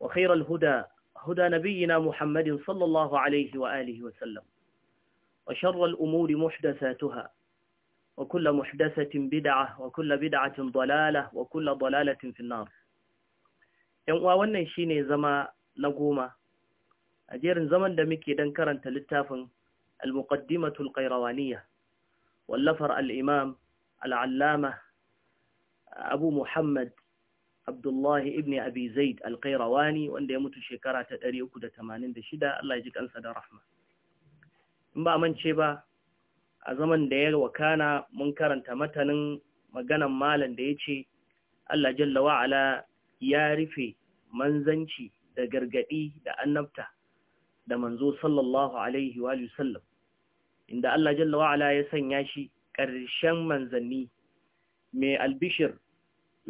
وخير الهدى هدى نبينا محمد صلى الله عليه وآله وسلم وشر الأمور محدثاتها وكل محدثة بدعة وكل بدعة ضلالة وكل ضلالة في النار يوم أولا شيني زما نقوما أجير زمن دمكي دنكرا تلتافا المقدمة القيروانية واللفر الإمام العلامة أبو محمد Abdullahi ibn Abi Zaid al-Qayrawani wanda ya mutu shekara ta 386 Allah ya ji kansa da rahma. In ba mance ba a zaman da ya wakana mun karanta matanin maganan malam da yace Allah jalla wa ala ya rufe manzanci da gargadi da annabta da manzo sallallahu alaihi wa sallam inda Allah jalla wa ala ya sanya shi ƙarshen manzanni mai albishir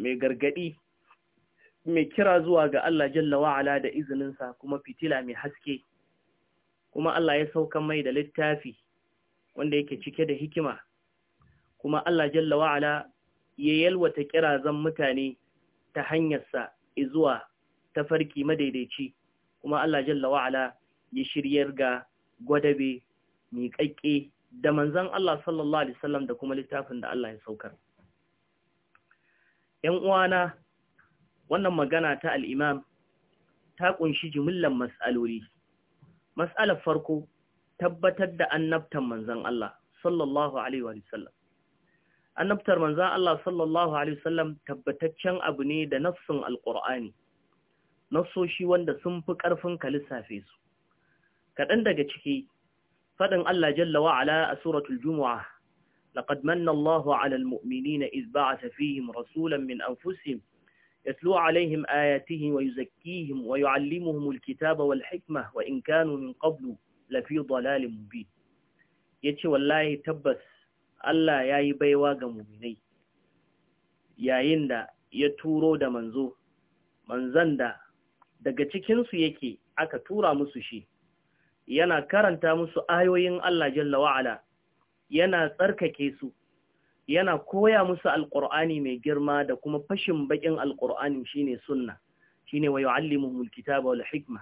mai gargadi mai kira zuwa ga Allah jalla wa'ala da izininsa kuma fitila mai haske kuma Allah ya sauka mai da littafi wanda yake cike da hikima kuma Allah jalla wa'ala ya yalwata kirazan mutane ta hanyarsa izuwa ta farki madaidaici kuma Allah jalla wa'ala ya shiryar ga gwadabe miƙaƙƙe da manzan Allah sallallahu alaihi wasallam da kuma littafin da Allah ya saukar ‘yan uwana wannan magana ta al'imam ta ƙunshi jimillan mas'aloli. Mas'alar farko, tabbatar da annabtar manzan Allah, sallallahu Alaihi wasallam. Annabtar manzan Allah, sallallahu Alaihi wasallam, tabbataccen abu ne da nafsun Alƙur'ani, Nasoshi wanda sun fi ƙarfin kalisafe su. Kaɗan daga ciki, faɗin Allah jalla wa'ala a Suratul jumu'a lakad manna Allahu alal mu'minina iz ba'ata fihim rasulan min anfusihim يتلو عليهم آياته ويزكيهم ويعلمهم الكتاب والحكمة وإن كانوا من قبل لفي ضلال مبين yace wallahi tabbas Allah ya yi baiwa ga muminai yayin da ya turo da manzo manzan da daga cikinsu yake aka tura musu shi yana karanta musu ayoyin Allah jalla wa'ala yana tsarkake su yana koya musu Alƙur'ani mai girma da kuma fashin baƙin Alƙur'ani shine sunna shine wa yu'allimuhumul kitaba wal hikma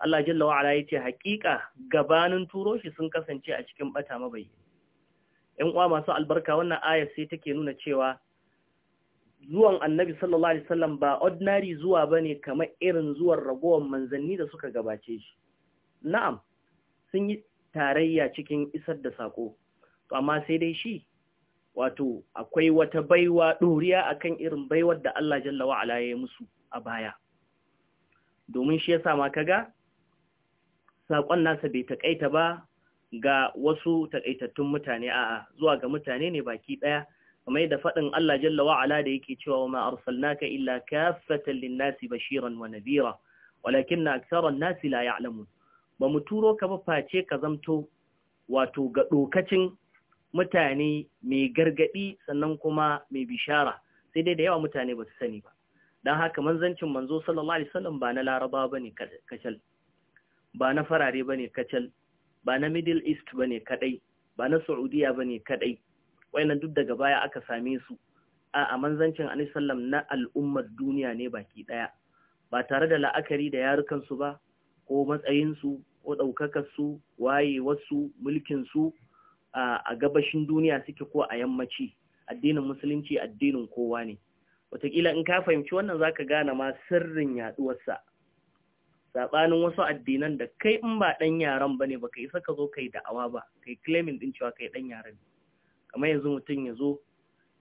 Allah jalla wa ala yace haƙiƙa gabanin turo shi sun kasance a cikin bata mabayi ƴan uwa masu albarka wannan aya sai take nuna cewa zuwan annabi sallallahu alaihi wasallam ba ordinary zuwa bane kamar irin zuwan ragowar manzanni da suka gabace shi na'am sun yi tarayya cikin isar da sako to amma sai dai shi wato akwai wata baiwa ɗoriya akan irin baiwar da Allah jalla wa'ala ya yi musu a baya domin shi ya sa ma ga, saƙon nasa bai taƙaita ba ga wasu taƙaitattun mutane a'a zuwa ga mutane ne baki ɗaya kamar da faɗin Allah jalla wa'ala da yake cewa wa ma illa kaffatan linnasi nasi bashiran wa nadhira walakinna aktharan nasi la ya'lamun ba mu turo ka ba face ka zamto wato ga dokacin mutane mai gargaɗi sannan kuma mai bishara sai dai da yawa mutane ba su sani ba don haka manzancin manzo sallallahu alaihi wasallam ba na laraba ba ne kacal ba na farare ba ne kacal ba na middle east ba ne kadai ba na saudiya ba ne kadai wayannan duk daga baya aka same su a manzancin alaihi sallam na al'ummar duniya ne baki ɗaya. ba tare da la'akari da yarukansu ba ko matsayinsu ko ɗaukakarsu wayewarsu mulkinsu a gabashin duniya suke ko a yammaci addinin musulunci addinin kowa ne wataƙila in ka fahimci wannan zaka gane ma sirrin yaduwarsa sabanin wasu addinan da kai in ba dan yaran bane baka isa ka zo kai da'awa ba kai claiming din cewa kai dan yaran kamar yanzu mutum ya zo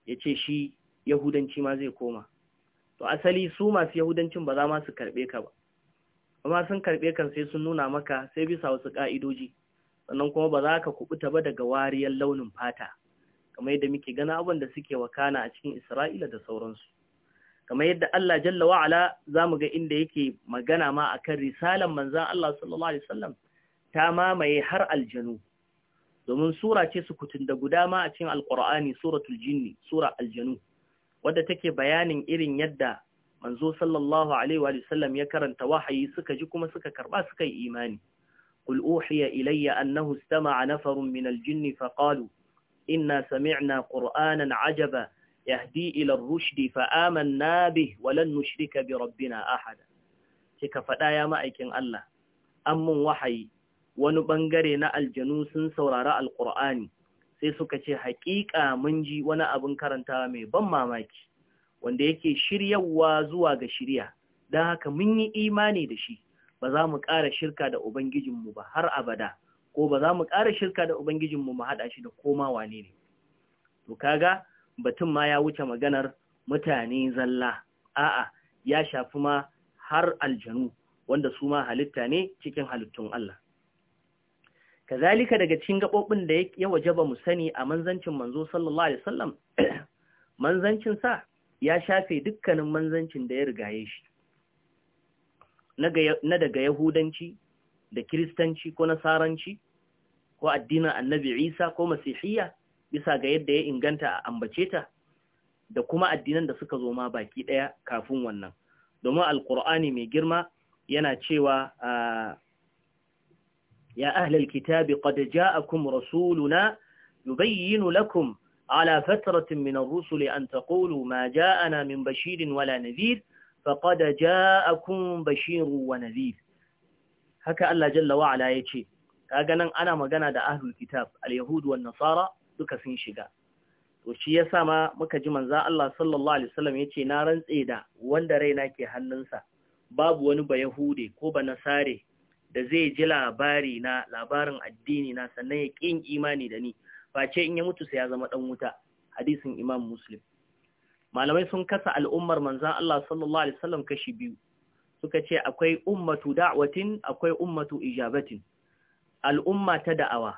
ya ce shi yahudanci ma zai koma to asali su masu yahudancin ba za ma su karbe ka ba amma sun karbe kan sai sun nuna maka sai bisa wasu ka'idoji sannan kuma ba za ka kubuta ba daga wariyar launin fata kamar yadda muke gana abin da suke wakana a cikin Isra'ila da sauransu kamar yadda Allah jalla wa za zamu ga inda yake magana ma akan risalan manzan Allah sallallahu alaihi wasallam ta mamaye har aljanu domin sura ce sukutun da guda ma a cikin Alƙur'ani suratul jinni sura aljanu wadda take bayanin irin yadda manzo sallallahu alaihi Wasallam ya karanta wahayi suka ji kuma suka karba suka yi imani قل أوحي إلي أنه استمع نفر من الجن فقالوا إنا سمعنا قرآنا عجبا يهدي إلى الرشد فآمنا به ولن نشرك بربنا أحدا cika faɗa ya ma'aikin Allah, an mun wahayi wani ɓangare na aljanu sun saurari alƙur'ani sai suka ce haƙiƙa mun ji wani abin karanta mai ban mamaki wanda yake shiryawa zuwa ga shirya don haka mun yi imani da shi ba za mu ƙara shirka da Ubangijinmu ba har abada, ko ba za mu ƙara shirka da Ubangijinmu mu haɗa shi da koma wane ne. To kaga batun ma ya wuce maganar mutane zalla, a'a ya shafi ma har aljanu wanda su ma halitta ne cikin halittun Allah. Kazalika daga cikin gaɓoɓin da ya waje ba mu sani a manzancin manzo sallallahu Alaihi wasallam, manzancin sa ya shafe dukkanin manzancin da ya rigaye shi. na daga yahudanci da kiristanci ko nasaranci ko addinin annabi isa ko masihiyya bisa ga yadda ya inganta a ambace ta da kuma addinan da suka zo ma baki ɗaya kafin wannan domin Alƙur'ani mai girma yana cewa ah, ya ahlal kitabi qad ja'akum rasuluna yubayyinu lakum ala fatratin min ar-rusuli an taqulu ma ja'ana min bashirin wala nadhir a ja'akum Bashiru wa nadhir haka Allah jalla wa ala yace kaga nan ana magana da ahlul kitab al-yahud nasara duka sun shiga to shi yasa ma muka ji manza? Allah sallallahu alaihi wasallam ce na rantse da wanda raina ke hannunsa babu wani ba yahude ko ba nasare da zai ji labari na labarin addini na sannan ya kin imani da ni face in ya mutu sai ya zama dan wuta hadisin imam muslim malamai sun kasa al'ummar manzan Allah sallallahu alaihi wasallam kashi biyu suka ce akwai ummatu da'watin akwai ummatu ijabatin al'umma ta da'awa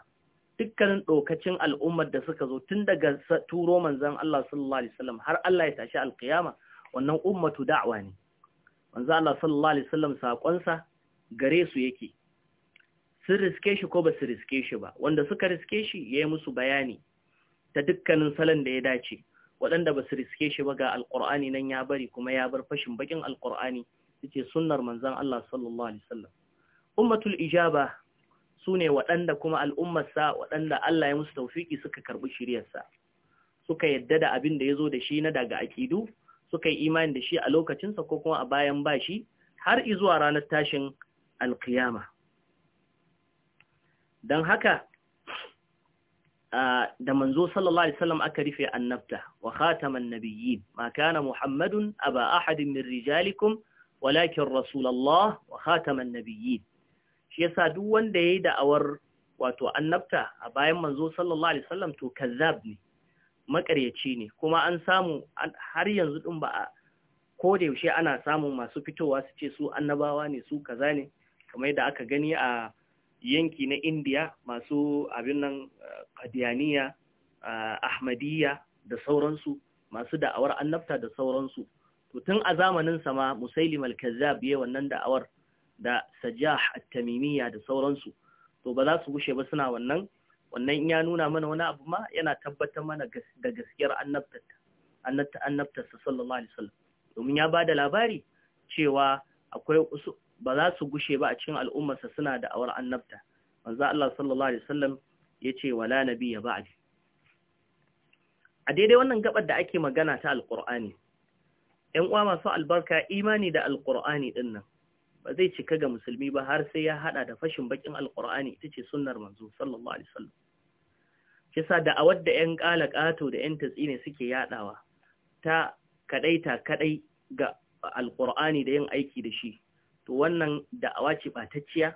dukkanin ɗokacin al'ummar da suka zo tun daga turo manzan Allah sallallahu Alaihi wasallam har Allah ya tashi alƙiyama wannan ummatu da'awa ne. Manzan Allah sallallahu Alaihi wasallam saƙonsa gare su yake, sun riske shi ko ba su riske shi ba, wanda suka riske shi ya yi musu bayani ta dukkanin salon da ya dace, waɗanda ba su riske shi ba ga alƙur'ani nan ya bari kuma ya bar fashin bakin alƙur'ani ce sunnar manzan Allah sallallahu alaihi wasallam ummatul ijaba sune waɗanda kuma al'ummarsa waɗanda Allah ya musu taufiki suka karɓi shiryarsa, suka yadda da abin da zo da shi na daga aƙidu, suka yi imani da shi a lokacinsa ko kuma a bayan bashi har izuwa ranar tashin alƙiyama. don haka da manzo sallallahu alaihi wasallam aka rufe annabta wa khataman nabiyyin ma kana muhammadun aba ahadin min rijalikum walakin rasulullah wa khataman nabiyyin shi yasa duk wanda yayi da'awar wato annabta a bayan manzo sallallahu alaihi wasallam to kazzab ne makaryaci ne kuma an samu har yanzu din ba ko da yaushe ana samun masu fitowa su ce su annabawa ne su kaza ne kamar yadda aka gani a yanki na indiya masu abin nan kadiyaniya eh, eh, ahmadiyya da sauransu masu da'awar annabta da sauransu to tun a zamanin sama musailim al ya yayin wannan da'awar da sajah at-tamimiyya da sauransu to ba za su gushe ba suna wannan wannan ya nuna mana wani abu ma yana tabbatar mana da gaskiyar annabta annabta sallallahu alaihi wasallam domin ya bada labari cewa akwai ba za su gushe ba a cikin al'ummarsa suna da awar annabta manzo Allah sallallahu alaihi wasallam yace wala nabiyya ba'di a daidai wannan gabar da ake magana ta alqur'ani 'yan uwa masu albarka imani da alqur'ani din nan ba zai cika ga musulmi ba har sai ya hada da fashin bakin alqur'ani ita ce sunnar manzo sallallahu alaihi wasallam kisa da da ƴan kalakato da ƴan tsine suke yadawa ta kadaita kadai ga alqur'ani da yin aiki da shi to wannan da'awa ce batacciya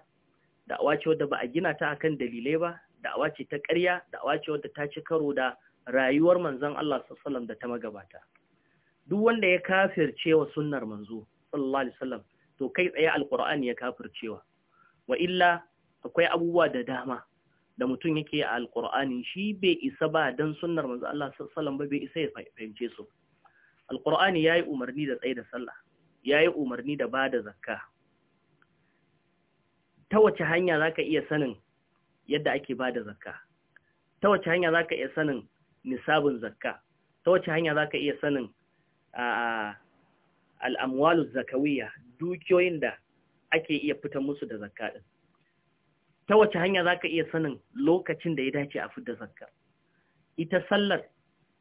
da'awa ce wadda ba a gina ta akan dalilai ba da'awa ce ta ƙarya da'awa ce wadda ta ci karo da rayuwar manzon Allah sallallahu da ta magabata duk wanda ya kafirce wa sunnar manzo sallallahu alaihi wasallam to kai tsaye alqur'ani ya kafircewa wa illa akwai abubuwa da dama da mutum yake a alqur'ani shi bai isa ba dan sunnar manzo Allah sallallahu ba bai isa ya fahimce su alqur'ani yayi umarni da tsaye da sallah yayi umarni da bada zakka ta wace hanya za ka iya sanin yadda ake ba da zakka ta wace hanya za ka iya sanin nisabin zakka ta wace hanya za ka iya sanin al'amwalu zakawiya dukiyoyin da ake iya fita musu da zakka ɗin ta wace hanya za ka iya sanin lokacin da ya dace a fi da zakka ita sallar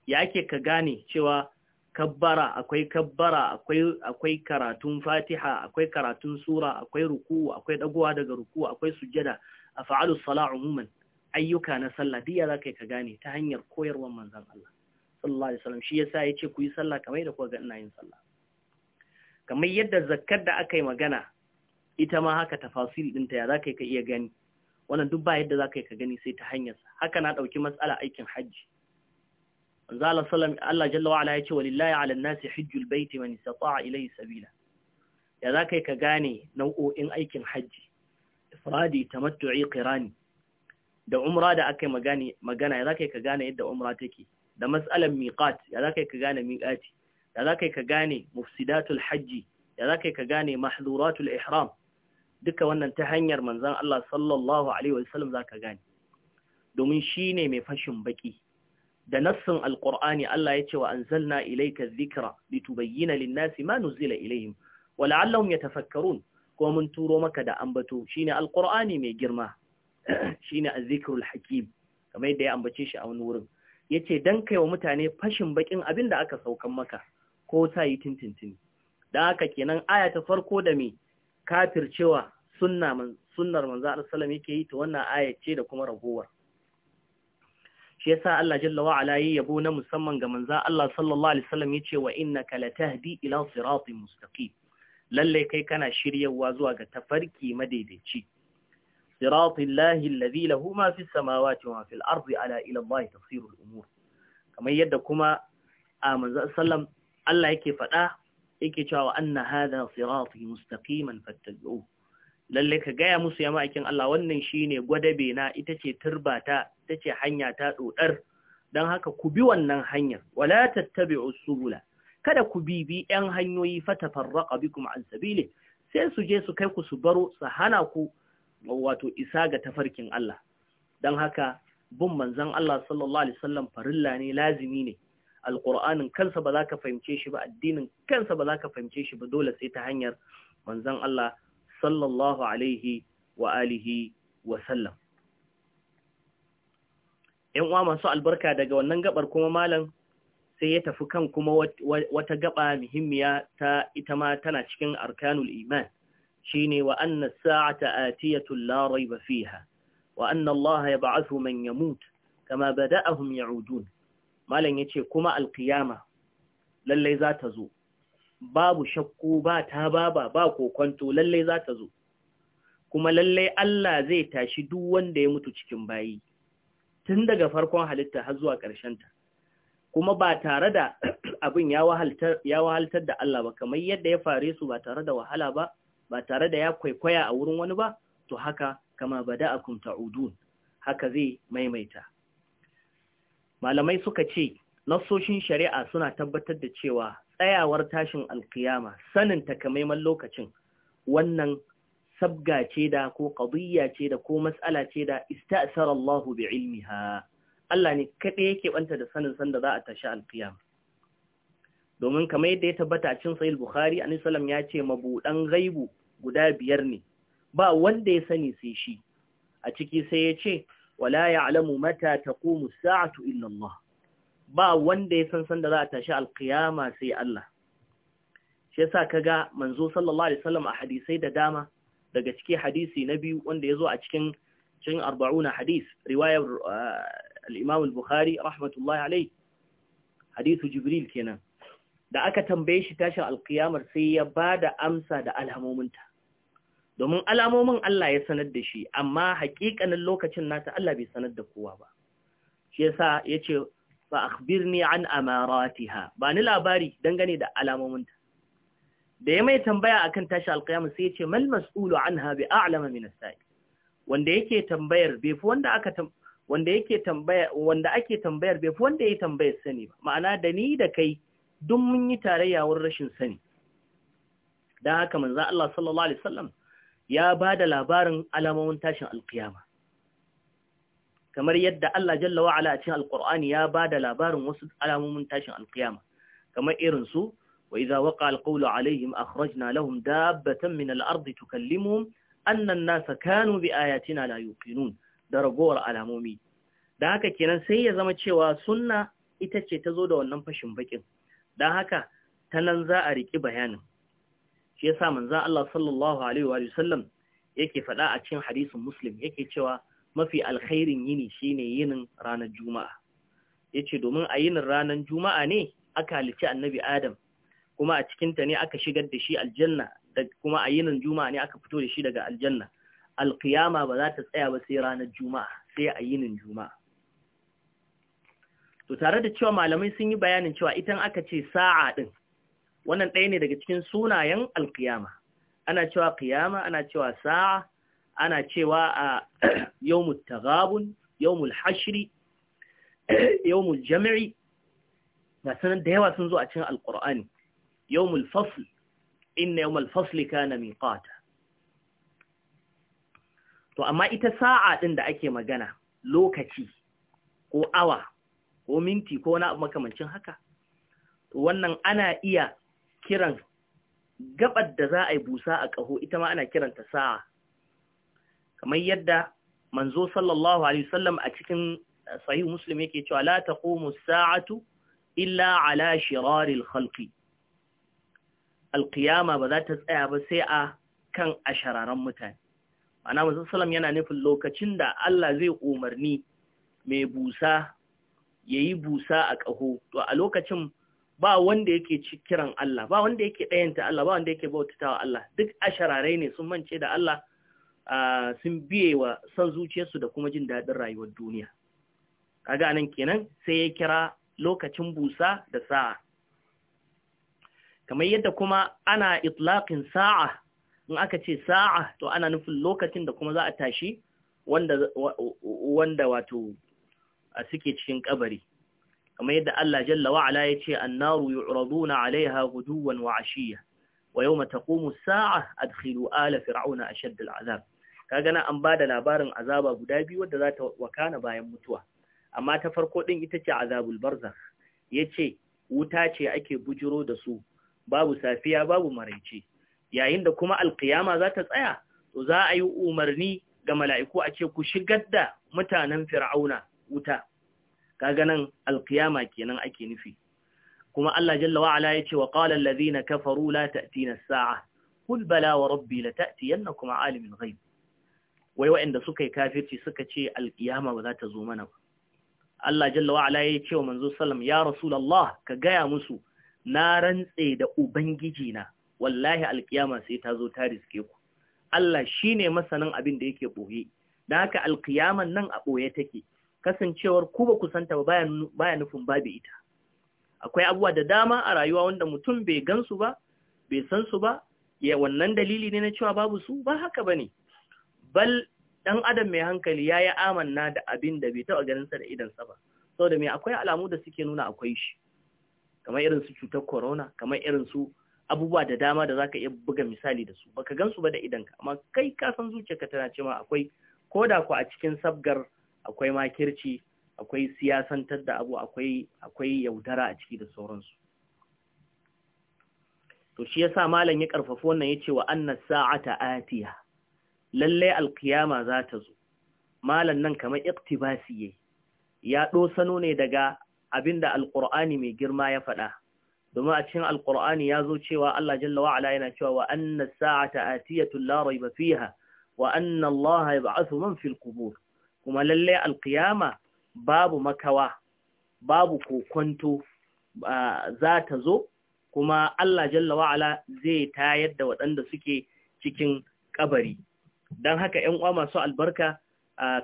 ya ake ka gane cewa kabbara akwai kabbara akwai akwai karatun fatiha akwai karatun sura akwai ruku'u akwai dagowa daga ruku'u akwai sujjada af'alu salah umuman ayyuka na sallah diya zakai ka gane ta hanyar koyarwar manzon Allah sallallahu alaihi wasallam shi yasa yace ku yi sallah kamar da kuka ga ina yin sallah kamar yadda zakkar da aka yi magana ita ma haka tafasiri dinta ya zakai ka iya gani wannan duk ba yadda zakai ka gani sai ta hanyar haka na dauki matsala aikin hajji Allah Salam Allah jalla wa ala yace walillahi ala nasi hajjul baiti man istata'a ilayhi sabila ya za ka gane nau'o'in aikin haji ifradi tamattu'i qirani da umra da akai magani magana ya za ka gane yadda umra take da mas'alan miqat ya za ka gane miqati ya za ka gane mufsidatul haji ya za ka gane mahduratul ihram duka wannan ta hanyar manzon Allah sallallahu alaihi wasallam za ka gane domin shine mai fashin baki da nassin alkur'ani Allah ya ce wa anzalna ilayka dhikra litubayyana lin linnasi ma nuzila ilayhim wa la'allahum yatafakkarun ko mun turo maka da ambato shine alqur'ani mai girma shine az hakim kamar yadda ya ambace shi a wani wurin yace dan kai wa mutane fashin bakin abin da aka saukan maka ko ta yi tintintin dan haka kenan aya ta farko da me kafircewa sunna man sunnar manzo sallallahu alaihi wasallam yake yi ta wannan aya ce da kuma ragowar shi yasa Allah jalla wa ala yayi yabo na musamman ga manza Allah sallallahu alaihi wasallam yace wa innaka latahdi ila siratin mustaqim lalle kai kana shiryawa zuwa ga tafarki madaidaici siratin lahi alladhi lahu ma fis samawati wa fil ardi ala ila Allah umur kamar yadda kuma a manzo sallam Allah yake faɗa yake cewa anna hadha sirati mustaqiman fattabi'u lalle ka gaya musu ya ma'aikin Allah wannan shine gwadabe na ita ce turbata ita ce hanya ta ɗoɗar don haka ku bi wannan hanyar wala tattabi'u subula kada ku bibi ‘yan hanyoyi fatafarraqa bikum an sabili sai su je su kai ku su baro su hana ku wato isa ga tafarkin Allah don haka bin manzon Allah sallallahu alaihi wasallam farilla ne lazimi ne alqur'anin kansa ba za ka fahimce shi ba addinin kansa ba za ka fahimce shi ba dole sai ta hanyar manzon Allah sallallahu alaihi wa alihi wa sallam ‘yan uwa masu albarka daga wannan gabar kuma malam sai ya tafi kan kuma wata gaba muhimmiya ta ita ma tana cikin arkanul iman shine wa anna sa'ata atiyatul la rayba fiha wa anna Allah yab'athu man yamut kama bada'ahum ya'udun malam yace kuma alqiyama lalle za ta zo babu shakku ba ta baba ba kokonto lalle za ta zo kuma lalle Allah zai tashi duk wanda ya mutu cikin bayi tun daga farkon halitta har zuwa ƙarshen ta, kuma ba tare da abin ya wahaltar da Allah ba kamar yadda ya fare su ba tare da wahala ba ba tare da ya kwaikwaya a wurin wani ba to haka kama bada akum ta'udun haka zai maimaita malamai suka ce nassoshin shari'a suna tabbatar da cewa tsayawar tashin alkiyama sanin takamaiman lokacin wannan sabga ce da ko qadiyya ce da ko mas'ala ce da ista'sara Allah bi ilmiha Allah ne kaɗai yake banta da sanin sanda za a tashi alkiyama domin kamar yadda ya tabbata a cin sahih bukhari annabi ya ce mabuɗan gaibu guda biyar ne ba wanda ya sani sai shi a ciki sai ya ce wala ya'lamu mata ko as-sa'atu illa ba wanda ya san sanda za a tashi alkiyama sai Allah shi yasa kaga manzo sallallahu alaihi wasallam a hadisai da dama daga cikin hadisi na biyu wanda ya zo a cikin cikin arba'una hadis riwayar ah, al al-bukhari rahmatullahi alayhi hadisu jibril kenan da aka tambaye shi tashin alkiyamar sai ya ba da amsa da alhamominta domin alamomin Allah ya sanar da shi amma haƙiƙanin lokacin nata Allah bai sanar da kowa ba shi yasa yace fa akhbirni an amaratiha ba ni labari dangane da alamominta da ya mai tambaya akan tashi alkiyama sai ya ce mal mas'ulu an bi a'lama min wanda yake tambayar bai fi wanda aka wanda yake tambaya wanda ake tambayar bai fi wanda ya tambayar sani ba ma'ana da ni da kai duk mun yi tarayya wurin rashin sani dan haka manzo Allah sallallahu alaihi wasallam ya da labarin alamomin tashin alkiyama kamar yadda Allah jalla wa ala cikin alqur'ani ya bada labarin wasu alamomin tashin alkiyama kamar irin su وإذا وقع القول عليهم أخرجنا لهم دابة من الأرض تكلمهم أن الناس كانوا بآياتنا لا يوقنون درجور على مومي da haka kenan sai ya zama cewa sunna ita ce ta zo da wannan fashin bakin don haka ta nan za a riƙi bayanin shi yasa manzo Allah sallallahu alaihi wa sallam yake faɗa a cikin hadisin muslim yake cewa mafi alkhairin yini shine yinin ranar juma'a yace domin a yinin ranar juma'a ne aka halici annabi adam kuma a cikinta ne aka shigar da shi aljanna da kuma a yinin juma'a ne aka fito da shi daga aljanna alkiyama ba za ta tsaya ba sai ranar juma'a sai a yinin juma'a to tare da cewa malamai sun yi bayanin cewa idan aka ce sa'a din wannan ɗaya ne daga cikin sunayen alkiyama ana cewa kiyama ana cewa sa'a ana cewa a yawmut tagabun yawmul hashri yawmul jami'i. ga sanar da yawa sun zo a cikin alkur'ani yawmul fasl inna yawmal fasli kana miqata to amma ita sa'a din da ake magana lokaci ko awa ko minti ko abu makamancin haka to wannan ana iya kiran gabar da za a yi busa a ƙaho ita ma ana kiranta sa'a kamar yadda manzo sallallahu alaihi wasallam a cikin eh, sahih muslim yake cewa la taqumu as-sa'atu illa ala shiraril khalqi alkiyama ba za ta tsaya ba sai a kan ashararan mutane ana masu salam yana nufin lokacin da Allah zai umarni mai busa ya yi busa a ƙaho to a lokacin ba wanda yake kiran Allah ba wanda yake ɗayanta Allah ba wanda yake bautatawa Allah duk ashararai ne sun mance da Allah sun biye wa son zuciyarsu da kuma jin daɗin rayuwar duniya kaga nan kenan sai ya kira lokacin busa da sa'a kamar yadda kuma ana itlaqin sa'a in aka ce sa'a to ana nufin lokacin da kuma za a tashi wanda wanda wato suke cikin kabari kamar yadda Allah jalla wa ala yace annaru yu'raduna 'alayha ghuduwan wa 'ashiyya wa yawma taqumu saa adkhilu ala fir'auna ashadd al'azab kaga na an bada labarin azaba guda biyu wadda za ta wakana bayan mutuwa amma ta farko din ita ce azabul barzakh yace wuta ce ake bujiro da su babu safiya babu maraice yayin da kuma alkiyama za ta tsaya to za a yi umarni ga mala'iku a ce ku shigar da mutanen fir'auna wuta kaganan alkiyama kenan ake nufi kuma Allah jalla wa ala yace wa qala allazina kafaru la ta'tina as-sa'a qul bala wa rabbi la ta'tiyannakum alimul ghaib wai waɗanda suka yi kafirci suka ce alkiyama ba za ta zo mana ba Allah jalla wa ya ce wa manzo sallam ya rasulullah ka gaya musu na rantse da ubangiji na wallahi alkiyama sai ta zo ta riske ku Allah shine masanin abin da yake boye dan haka alkiyaman nan a boye take kasancewar ku ba kusanta ba baya nufin babu ita akwai abuwa da dama a rayuwa wanda mutum bai gansu ba bai san su ba ya wannan dalili ne na cewa babu su ba haka bane bal ɗan adam mai hankali yayi amanna da abin da bai taba ganin sa da idan sa ba saboda me akwai alamu da suke nuna akwai shi kamar irin su cutar corona kamar irin su abubuwa da dama da zaka iya buga misali da su baka gansu ba da idanka amma kai ka san zuciyarka tana cewa ma akwai da ku a cikin sabgar akwai makirci akwai siyasantar da abu akwai akwai yaudara a ciki da sauransu to shi yasa malam ya karfafa wannan yace wa anna sa'ata atiya lalle alqiyama za ta zo malam nan kamar iktibasi ya ya dosano ne daga abinda alƙur'ani mai girma ya faɗa domin a cikin alƙur'ani ya zo cewa Allah jalla wa yana cewa wa anna sa'ata atiyatun la rayba fiha wa anna Allah yab'athu man fil qubur kuma lalle alqiyama babu makawa babu kokonto za ta zo kuma Allah jalla wa zai tayar da waɗanda suke cikin kabari don haka ‘yan uwa masu albarka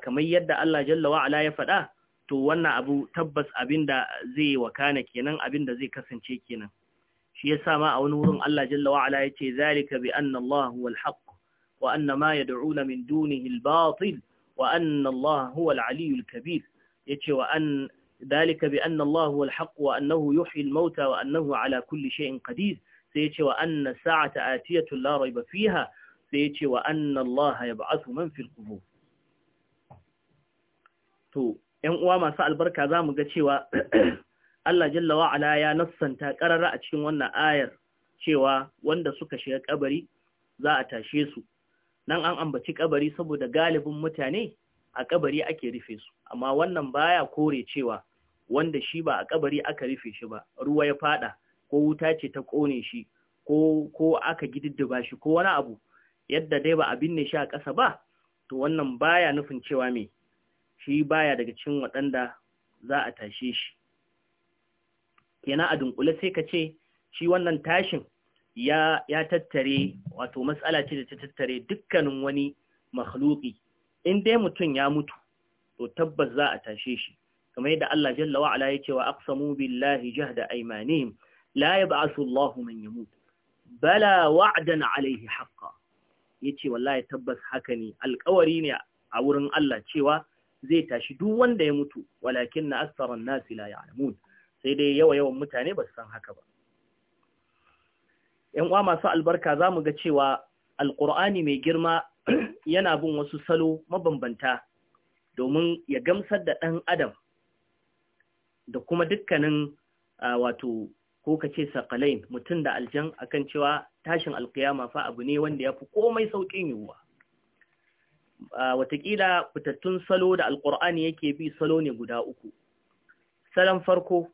kamar yadda Allah jalla wa'ala ya faɗa to wannan abu tabbas abinda zai wakana kenan abinda zai kasance kenan shi yasa ma a wani wurin Allah jalla wa ala yace zalika bi anna Allah huwal haq wa anna ma yad'una min dunihi al-batil wa anna Allah huwal aliyyul kabir yace wa an zalika bi anna Allah huwal haq wa annahu yuhyi al-mauta wa annahu ala kulli shay'in qadir sai yace wa anna sa'ata atiyatu la rayba fiha sai yace wa anna Allah yab'athu man fil qubur to ‘yan uwa masu albarka za mu ga cewa Allah jalla wa'ala ya nassanta ƙarara a cikin wannan ayar cewa wanda suka shiga ƙabari za a tashe su. Nan an ambaci ƙabari saboda galibin mutane a ƙabari ake rufe su, amma wannan baya kore cewa wanda shi ba a ƙabari aka rufe shi ba, ruwa ya faɗa ko wuta ce ta ƙone shi ko aka gididdiba shi ko wani abu yadda dai ba a binne shi a ƙasa ba, to wannan baya nufin cewa me shi baya daga cikin waɗanda za a tashe shi kenan a dunkule sai ka ce shi wannan tashin ya ya tattare wato matsala ce da ta tattare dukkanin wani makhluqi in dai mutum ya mutu to tabbas za a tashe shi kamar yadda Allah jalla wa ala yake wa aqsamu billahi jahda aymanihim la yab'athu Allahu man yamut bala wa'dan alayhi haqqan yace wallahi tabbas haka ne alƙawari ne a wurin Allah cewa zai tashi duk wanda ya mutu walakin na asarar nasi la ya'lamun sai dai yawa yawan mutane ba su san haka ba yan uwa masu albarka za mu ga cewa alƙur'ani mai girma yana bin wasu salo mabambanta domin ya gamsar da ɗan adam da kuma dukkanin wato ko ka ce sakalai mutum da aljan akan cewa tashin alƙiyama fa abu ne wanda ya fi komai sauƙin yiwuwa watakila fitattun salo da alƙur'ani yake bi salo ne guda uku salon farko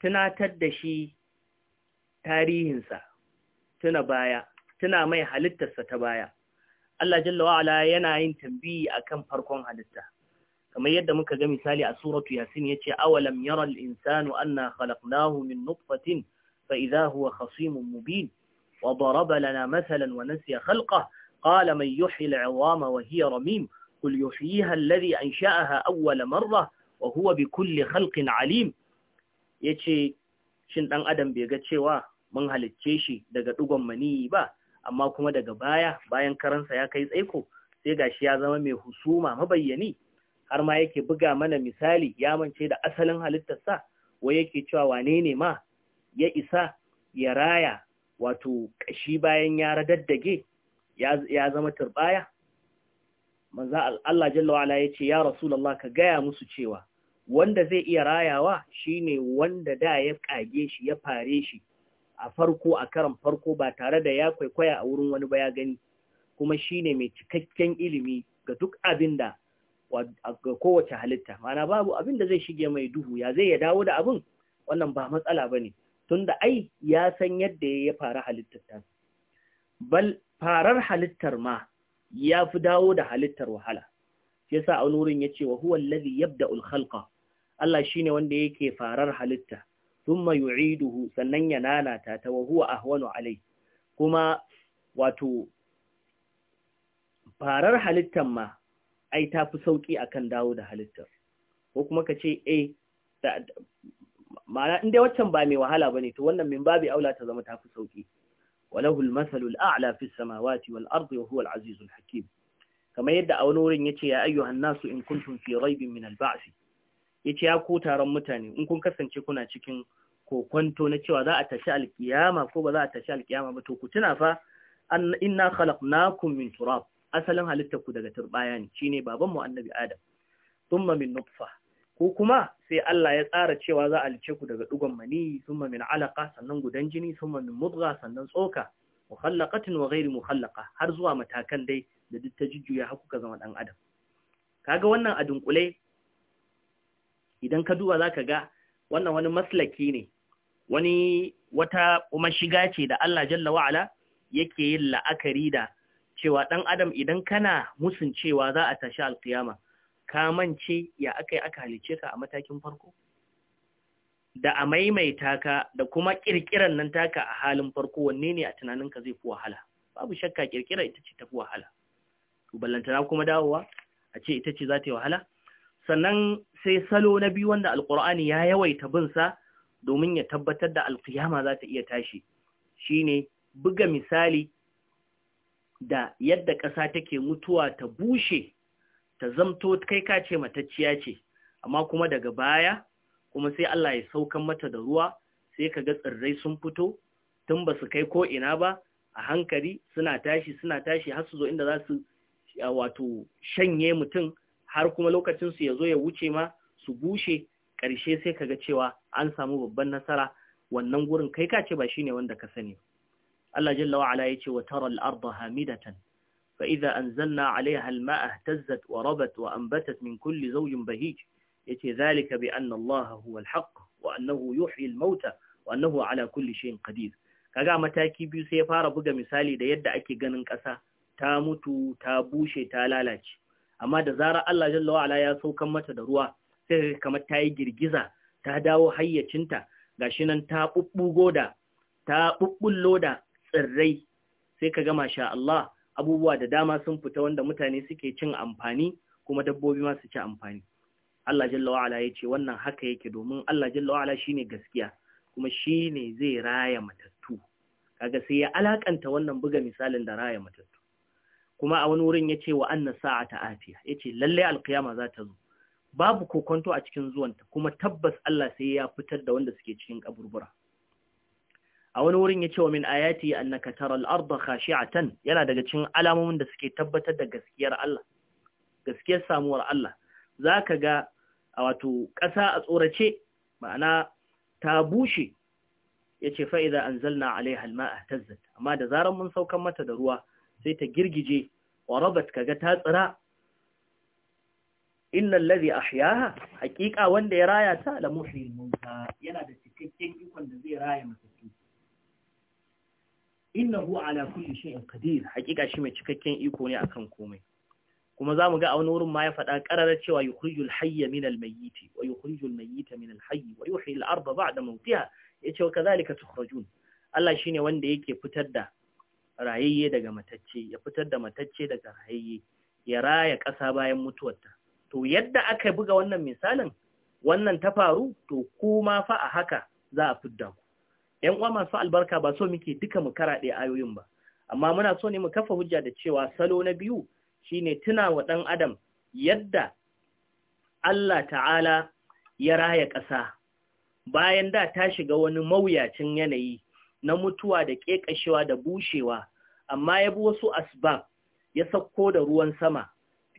tunatar da shi tarihinsa tuna baya tuna mai halittarsa ta baya Allah jalla wa'ala yana yin tambayi akan farkon halitta kamar yadda muka ga misali a suratu yasin ce awalam yara insanu anna khalaqnahu min nutfatin fa idha huwa khasimun mubin wa daraba na mathalan wa nasiya khalqahu قال من يحيي العظام وهي رميم قل يحييها الذي أنشأها أول مرة وهو بكل خلق عليم yace shin ɗan adam bai ga cewa mun halicce shi daga dugon mani ba amma kuma daga baya bayan karansa ya kai tsaiko sai gashi ya zama mai husuma mabayyani har ma yake buga mana misali ya mance da asalin halittarsa wai yake cewa wane ne ma ya isa ya raya wato kashi bayan ya radaddage ya zama turbaya manzo Allah jalla wa ala yace ya rasulullah ka gaya musu cewa wanda zai iya rayawa shine wanda da ya kage shi ya fare shi a farko a karan farko ba tare da ya kwaikwaya a wurin wani ba ya gani kuma shine mai cikakken ilimi ga duk abinda ga kowace halitta mana babu abin da zai shige mai duhu ya zai ya dawo da abin wannan ba matsala bane tunda ai ya san yadda ya fara halittar ta bal farar halittar ma ya fi dawo da halittar wahala shi yasa a wurin yace wa huwa allazi yabda'ul khalqa Allah shine wanda yake farar halitta thumma yu'iduhu sannan ya nanata ta wa huwa ahwanu alai kuma wato farar halittar ma ai ta fi sauki akan dawo da halittar ko kuma ce, eh ma'ana inda waccan ba mai wahala bane to wannan min babi aula ta zama ta fi sauki walahu al-mathalu al-a'la fi as-samawati wal-ardi wa huwa al hakim kamar yadda a wani wurin yace ya ayyuhan nasu in kun fi raibin min al-ba's yace ya ko taron mutane in kun kasance kuna cikin kokwanto na cewa za a tashi alkiyama ko ba za a tashi alkiyama ba to ku tuna fa inna khalaqnakum min turab asalin halittar ku daga turbaya ne shine baban mu annabi adam thumma min nutfa ko kuma sai Allah ya tsara cewa za a lice ku daga dugon mani summa min alaqa sannan gudan jini summa min mudgha sannan tsoka mukhallaqatin wa ghairi mukhallaqa har zuwa matakan dai da duk ta jujjuya har kuka zama dan adam kaga wannan a dunkule idan ka duba zaka ga wannan wani maslaki ne wani wata kuma shiga ce da Allah jalla wa'ala yake yin la'akari da cewa ɗan adam idan kana musun cewa za a tashi alkiyama ka mance ya aka yi aka halice ka a matakin farko da a maimaita ka da kuma kirkiran nan taka a halin farko wanne ne a tunaninka zai fi wahala babu shakka kirkira ita ce ta fi wahala to ballantana kuma dawowa a ce ita ce za ta yi wahala sannan sai salo na biyu wanda alkur'ani ya yawaita bin sa domin ya tabbatar da alƙiyama za ta iya tashi shine buga misali da yadda ƙasa take mutuwa ta bushe ta zamto kai ka ce matacciya ce amma kuma daga baya kuma sai Allah ya saukan mata da ruwa sai ka ga tsirrai sun fito tun ba su kai ko ina ba a hankali suna tashi suna tashi har su zo inda za su wato shanye mutum har kuma lokacin su ya zo ya wuce ma su bushe ƙarshe sai ka ga cewa an samu babban nasara wannan gurin kai ka ce ba shine wanda ka sani Allah jalla wa ala yace wa taral arda hamidatan فإذا أنزلنا عليها الماء اهتزت وربت وأنبتت من كل زوج بهيج يتي ذلك بأن الله هو الحق وأنه يحيي الموتى وأنه على كل شيء قدير kaga mataki biyu sai ya fara buga misali da yadda ake ganin ƙasa ta mutu ta bushe ta lalace amma da zarar Allah jalla wa ala ya saukan mata da ruwa sai kamar ta yi girgiza ta dawo hayyacinta gashi nan ta bubbugo da ta bubbullo da tsirrai sai kaga masha Allah abubuwa da dama sun fita wanda mutane suke cin amfani kuma dabbobi ma su ci amfani Allah jalla wa ya ce wannan haka yake domin Allah jalla ala shine gaskiya kuma shine zai raya matattu kaga sai ya alakanta wannan buga misalin da raya matattu kuma a wani wurin yace wa anna sa'ata atiya yace lalle alqiyama za ta zo babu kokonto a cikin zuwanta kuma tabbas Allah sai ya fitar da wanda suke cikin kaburbura a wani wurin ya ce wa min ayati annaka taral arda khashi'atan yana daga cikin alamomin da suke tabbatar da gaskiyar Allah gaskiyar samuwar Allah zaka ga a wato ƙasa a tsorace ma'ana ta bushe yace fa idza anzalna 'alayha al-ma'a tazzat amma da zaran mun saukan mata da ruwa sai ta girgije wa rabat kaga ta tsira innal ladhi ahyaha haqiqa wanda ya raya ta la muhyil mauta yana da cikakken ikon da zai raya mata innahu ala kulli shay'in qadir hakika shi mai cikakken iko ne akan komai kuma zamu ga a wani wurin ma ya faɗa ƙararar cewa yukhrijul hayya min al-mayyit wa yukhrijul mayyita min al-hayy wa yuhyi al-ardha ba'da mawtiha yace wa kadhalika tukhrajun Allah shine wanda yake fitar da rayayye daga matacce ya fitar da matacce daga rayayye ya raya ƙasa bayan mutuwarta to yadda aka buga wannan misalin wannan ta faru to kuma fa a haka za a fidda ku ‘yan uwa masu albarka ba so muke duka mu karaɗe ayoyin ba, amma muna so ne mu kafa hujja da cewa salo na biyu shine tuna wa ɗan adam yadda Allah ta'ala ya raya ƙasa bayan da ta shiga wani mawuyacin yanayi na mutuwa da ƙeƙashewa da bushewa, amma ya bi wasu asbab ya sauko da ruwan sama,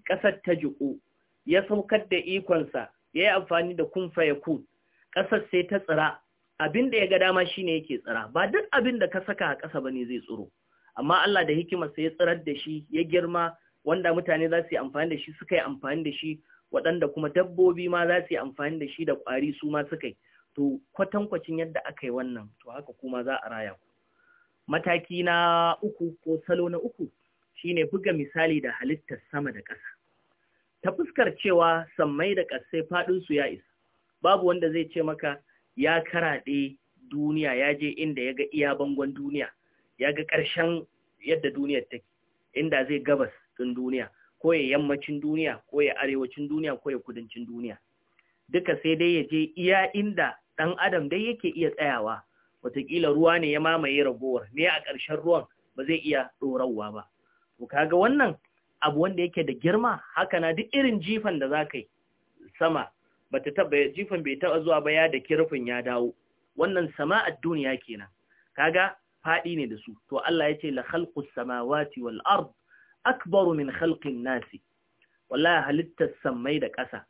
ƙasar ta jiƙo, ya saukar da ikonsa, ya yi amfani da kumfa ya kun, ƙasar sai ta tsira abin da ya ga dama shine yake tsira ba duk abin da ka saka a ƙasa ne zai tsiro amma Allah da hikimar sai ya tsirar da shi ya girma wanda mutane za su yi amfani da shi suka yi amfani da shi waɗanda kuma dabbobi ma za su yi amfani da shi da ƙwari su ma suka yi to kwatankwacin yadda aka yi wannan to haka kuma za a raya ku mataki na uku ko salo na uku shine buga misali da halittar sama da ƙasa ta fuskar cewa sammai da ƙasai faɗinsu ya isa babu wanda zai ce maka ya karaɗe duniya ya je inda ya ga iya bangon duniya ya ga ƙarshen yadda duniyar take inda zai gabas ɗin duniya ko ya yammacin duniya ko ya arewacin duniya ko ya kudancin duniya duka sai dai ya je iya inda ɗan adam dai yake iya tsayawa watakila ruwa ne ya mamaye ragowar ne a ƙarshen ruwan ba zai iya ɗorawa ba to kaga wannan abu wanda yake da girma haka na duk irin jifan da za ka yi sama bata taba jifan bai taba zuwa ba ya da kirfin ya dawo wannan sama'ad duniya kenan kaga fadi ne da su to Allah yace la khalqus samawati wal ard akbaru min khalqin nasi wallahi halittar samai da ƙasa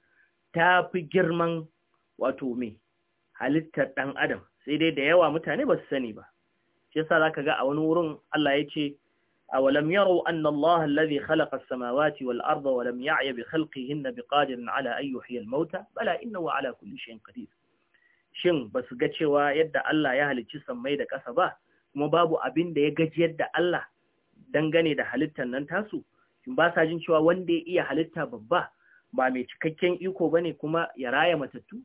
fi girman wato me halittar dan adam sai dai da yawa mutane ba su sani ba shi yasa zaka ga a wani wurin Allah yace أولم يروا أن الله الذي خلق السماوات والأرض ولم يعي بخلقهن بقادر على أن يحيي الموتى بلى إنه على كل شيء قدير shin ba su ga cewa yadda Allah ya halicci sammai da ƙasa ba kuma babu abin da ya gaji yadda Allah dangane da halittar nan tasu shin ba sa jin cewa wanda ya iya halitta babba ba mai cikakken iko bane kuma ya raya matattu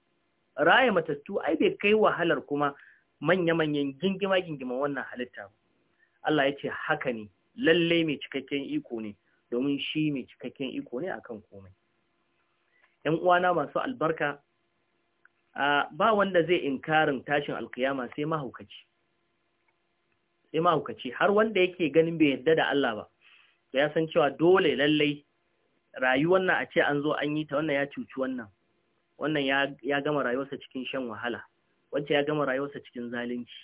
raya matattu ai bai kai wahalar kuma manya-manyan gingima gingima wannan halitta Allah ya ce haka ne Lallai mai cikakken iko ne domin shi mai cikakken iko ne akan komai ‘yan uwana masu albarka ba wanda zai inkarin tashin alkiyama sai mahaukaci sai mahaukaci har wanda yake ganin bai yadda da Allah ba to ya san cewa dole lallai rayuwar nan a ce an zo an yi ta wannan ya cuci wannan wannan ya gama rayuwarsa cikin shan wahala wacce ya gama rayuwarsa cikin zalunci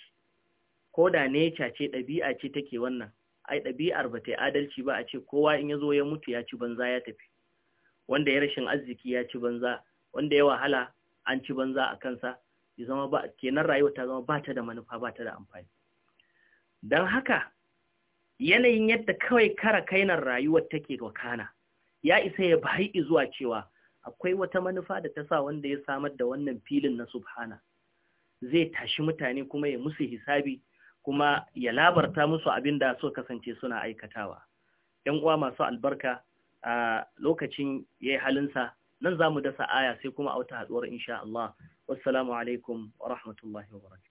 ko da neca ce ɗabi'a ce take wannan ai ɗabi'ar ba ta yi adalci ba a ce kowa in ya zo ya mutu ya ci banza ya tafi wanda ya rashin arziki ya ci banza wanda ya wahala an ci banza a kansa ya zama ba kenan rayuwa ta zama ba ta da manufa ba ta da amfani don haka yanayin yadda kawai kara kainar rayuwar take wakana ya isa ya bai zuwa cewa akwai wata manufa da ta sa wanda ya samar da wannan filin na subhana zai tashi mutane kuma ya musu hisabi kuma ya labarta musu abin da so kasance suna aikatawa ‘yan uwa masu albarka a lokacin ya yi halinsa nan za mu dasa aya sai kuma a wata haɗuwar insha Allah wassalamu alaikum wa rahmatullahi wa barakatuh